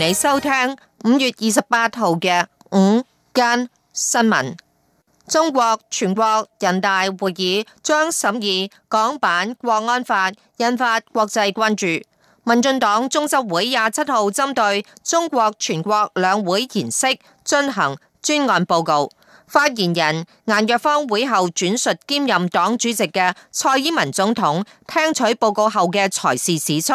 你收聽五月二十八號嘅午間新聞。中國全國人大會議將審議港版國安法，引發國際關注。民進黨中執會廿七號針對中國全國兩會形式進行專案報告。發言人顏若芳會後轉述兼任黨主席嘅蔡英文總統聽取報告後嘅裁示指出，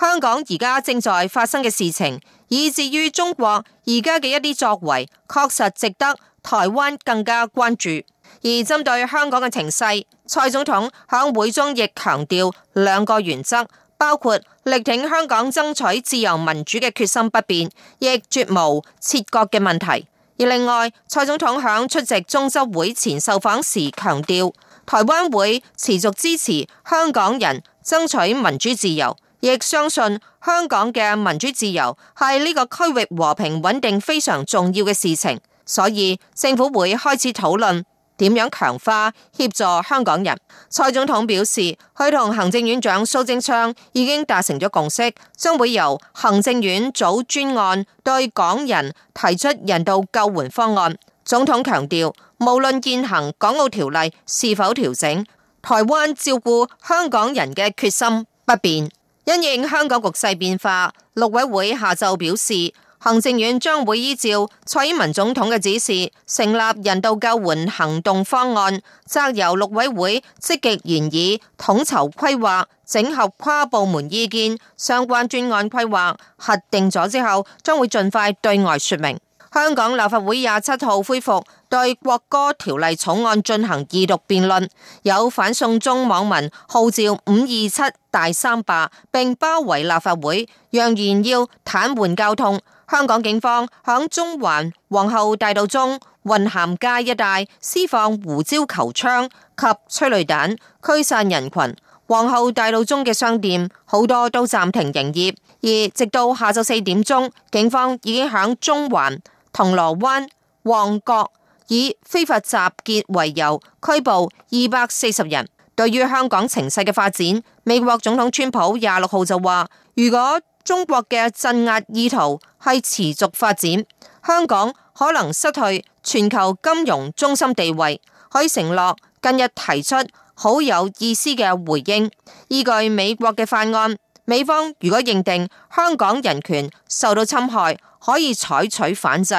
香港而家正在發生嘅事情，以至於中國而家嘅一啲作為，確實值得台灣更加關注。而針對香港嘅情勢，蔡總統響會中亦強調兩個原則，包括力挺香港爭取自由民主嘅決心不變，亦絕無切割嘅問題。而另外，蔡總統響出席中執會前受訪時強調，台灣會持續支持香港人爭取民主自由，亦相信香港嘅民主自由係呢個區域和平穩定非常重要嘅事情，所以政府會開始討論。點樣強化協助香港人？蔡總統表示，佢同行政院長蘇貞昌已經達成咗共識，將會由行政院組專案對港人提出人道救援方案。總統強調，無論現行《港澳條例》是否調整，台灣照顧香港人嘅決心不變。因應香港局勢變化，陸委會下晝表示。行政院將會依照蔡英文總統嘅指示，成立人道救援行動方案，責由陸委會積極研議、統籌規劃、整合跨部門意見，相關專案規劃核定咗之後，將會盡快對外說明。香港立法會廿七號恢復對國歌條例草案進行二讀辯論，有反送中網民號召五二七大三罷並包圍立法會，揚言要癱瘓交通。香港警方響中環皇后大道中、雲咸街一帶施放胡椒球槍及催淚彈，驅散人群。皇后大道中嘅商店好多都暫停營業，而直到下晝四點鐘，警方已經響中環。銅鑼灣、旺角以非法集結為由拘捕二百四十人。對於香港情勢嘅發展，美國總統川普廿六號就話：如果中國嘅鎮壓意圖係持續發展，香港可能失去全球金融中心地位。可以承諾近日提出好有意思嘅回應，依據美國嘅法案。美方如果認定香港人權受到侵害，可以採取反制。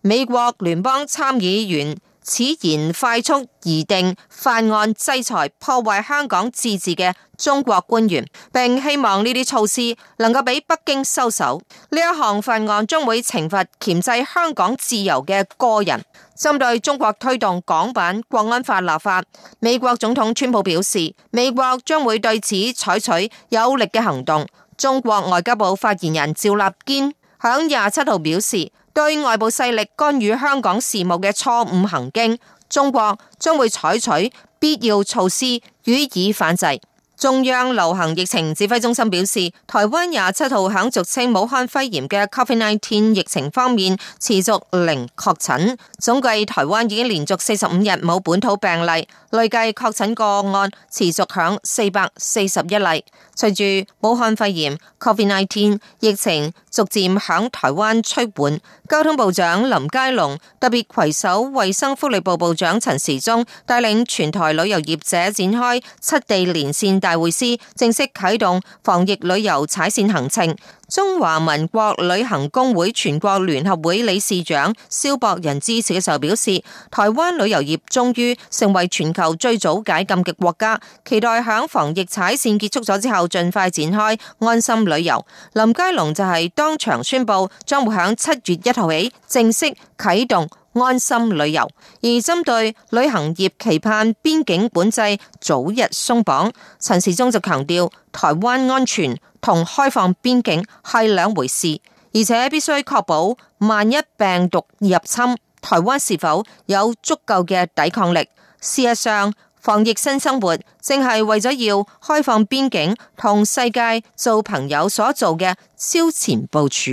美國聯邦參議員。此言快速擬定法案制裁破壞香港自治嘅中國官員，並希望呢啲措施能夠俾北京收手。呢一項法案將會懲罰鉗制香港自由嘅個人。針對中國推動港版國安法立法，美國總統川普表示，美國將會對此採取有力嘅行動，中國外交部發言人趙立堅響廿七號表示。對外部勢力干預香港事務嘅錯誤行徑，中國將會採取必要措施予以反制。中央流行疫情指揮中心表示，台灣廿七號響俗稱武漢肺炎嘅 Covid-19 疫情方面持續零確診，總計台灣已經連續四十五日冇本土病例，累計確診個案持續響四百四十一例。隨住武漢肺炎 Covid-19 疫情逐漸響台灣趨緩，交通部長林佳龍特別攜手衛生福利部部長陳時中，帶領全台旅遊業者展開七地連線大。大會師，正式啟動防疫旅遊踩線行程。中華民國旅行公會全國聯合會理事長蕭博仁致詞嘅時候表示，台灣旅遊業終於成為全球最早解禁嘅國家，期待響防疫踩線結束咗之後，盡快展開安心旅遊。林佳龍就係當場宣布，將會響七月一號起正式啟動。安心旅遊，而針對旅行業期盼邊境管制早日鬆綁，陳時中就強調，台灣安全同開放邊境係兩回事，而且必須確保萬一病毒入侵，台灣是否有足夠嘅抵抗力。事實上，防疫新生活正係為咗要開放邊境同世界做朋友所做嘅超前部署。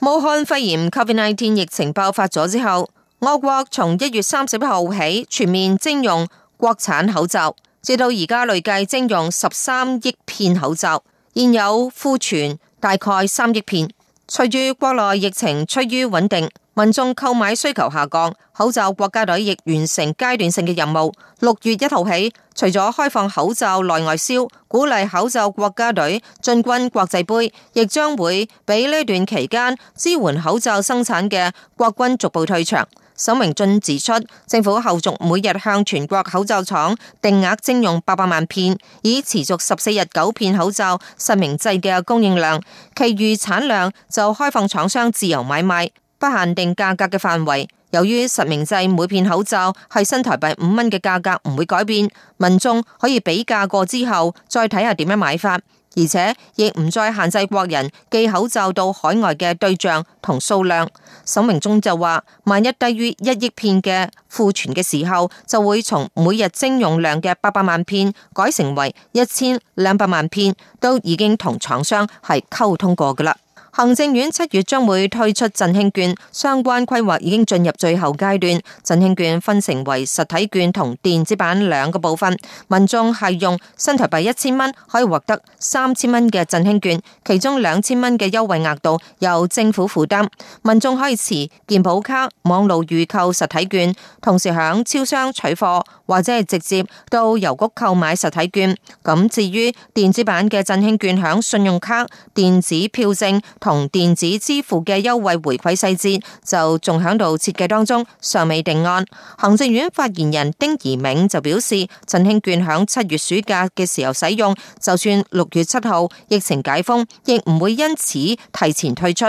武漢肺炎 （Covid-19） 疫情爆發咗之後。我國從一月三十一號起全面徵用國產口罩，直到而家累計徵用十三億片口罩，現有庫存大概三億片。隨住國內疫情趨於穩定，民眾購買需求下降，口罩國家隊亦完成階段性嘅任務。六月一號起，除咗開放口罩內外銷，鼓勵口罩國家隊進軍國際杯，亦將會俾呢段期間支援口罩生產嘅國軍逐步退場。沈榮津指出，政府後續每日向全國口罩廠定額徵用八百萬片，以持續十四日九片口罩實名制嘅供應量，其餘產量就開放廠商自由買賣，不限定價格嘅範圍。由於實名制每片口罩係新台幣五蚊嘅價格唔會改變，民眾可以比價過之後再睇下點樣買法。而且亦唔再限制國人寄口罩到海外嘅對象同數量。沈榮津就話，萬一低於一億片嘅庫存嘅時候，就會從每日徵用量嘅八百萬片改成為一千兩百萬片，都已經同廠商係溝通過噶啦。行政院七月將會推出振興券，相關規劃已經進入最後階段。振興券分成為實體券同電子版兩個部分。民眾係用新台幣一千蚊可以獲得三千蚊嘅振興券，其中兩千蚊嘅優惠額度由政府負擔。民眾可以持健保卡、網路預購實體券，同時響超商取貨或者係直接到郵局購買實體券。咁至於電子版嘅振興券，響信用卡、電子票證，同電子支付嘅優惠回饋細節就仲響度設計當中，尚未定案。行政院發言人丁怡銘就表示，振興券響七月暑假嘅時候使用，就算六月七號疫情解封，亦唔會因此提前退出。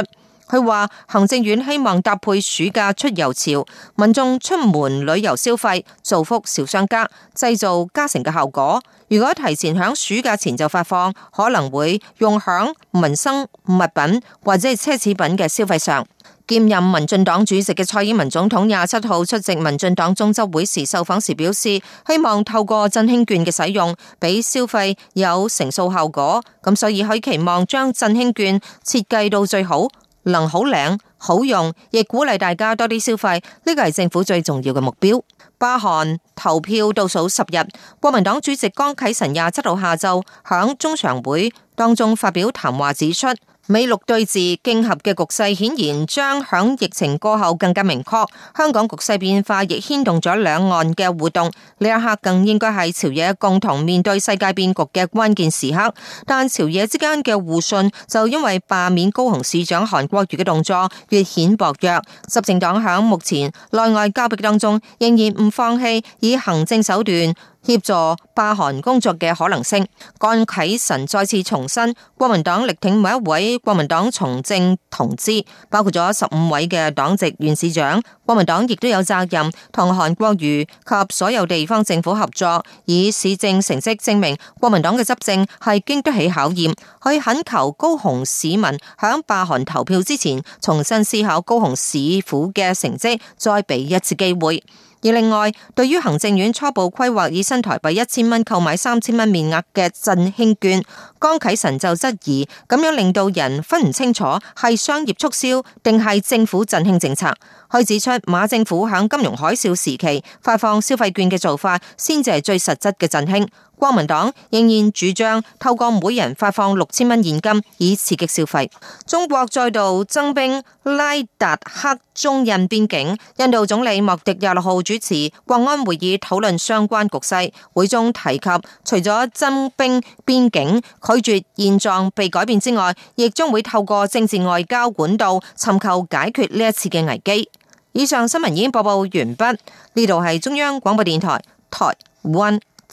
佢話行政院希望搭配暑假出遊潮，民眾出門旅遊消費，造福小商家，製造加成嘅效果。如果提前響暑假前就發放，可能會用響民生物品或者奢侈品嘅消費上。兼任民進黨主席嘅蔡英文總統廿七號出席民進黨中執會時受訪時表示，希望透過振興券嘅使用，俾消費有成數效果，咁所以佢期望將振興券設計到最好。能好領好用，亦鼓勵大家多啲消費，呢個係政府最重要嘅目標。罷韓投票倒數十日，國民黨主席江啟臣廿七號下晝響中常會當中發表談話指出，美陸對峙競合嘅局勢顯然將響疫情過後更加明確，香港局勢變化亦牽動咗兩岸嘅互動。呢一刻更應該係朝野共同面對世界變局嘅關鍵時刻，但朝野之間嘅互信就因為罷免高雄市長韓國瑜嘅動作越顯薄弱。執政黨響目前內外交迫當中，仍然唔放棄以行政手段協助罷韓工作嘅可能性，江啟臣再次重申，國民黨力挺每一位國民黨從政同志，包括咗十五位嘅黨籍縣市長。國民黨亦都有責任同韓國瑜及所有地方政府合作，以市政成績證明國民黨嘅執政係經得起考驗。佢懇求高雄市民響罷韓投票之前，重新思考高雄市府嘅成績，再俾一次機會。而另外，對於行政院初步規劃以新台幣一千蚊購買三千蚊面額嘅振興券，江啟臣就質疑咁樣令到人分唔清楚係商業促銷定係政府振興政策。佢指出，馬政府響金融海嘯時期發放消費券嘅做法，先至係最實質嘅振興。國民黨仍然主張透過每人發放六千蚊現金以刺激消費。中國再度增兵拉達克中印邊境，印度總理莫迪廿六號主持國安會議討論相關局勢，會中提及除咗增兵邊境，拒絕現狀被改變之外，亦將會透過政治外交管道尋求解決呢一次嘅危機。以上新聞已經播報完畢，呢度係中央廣播電台台灣。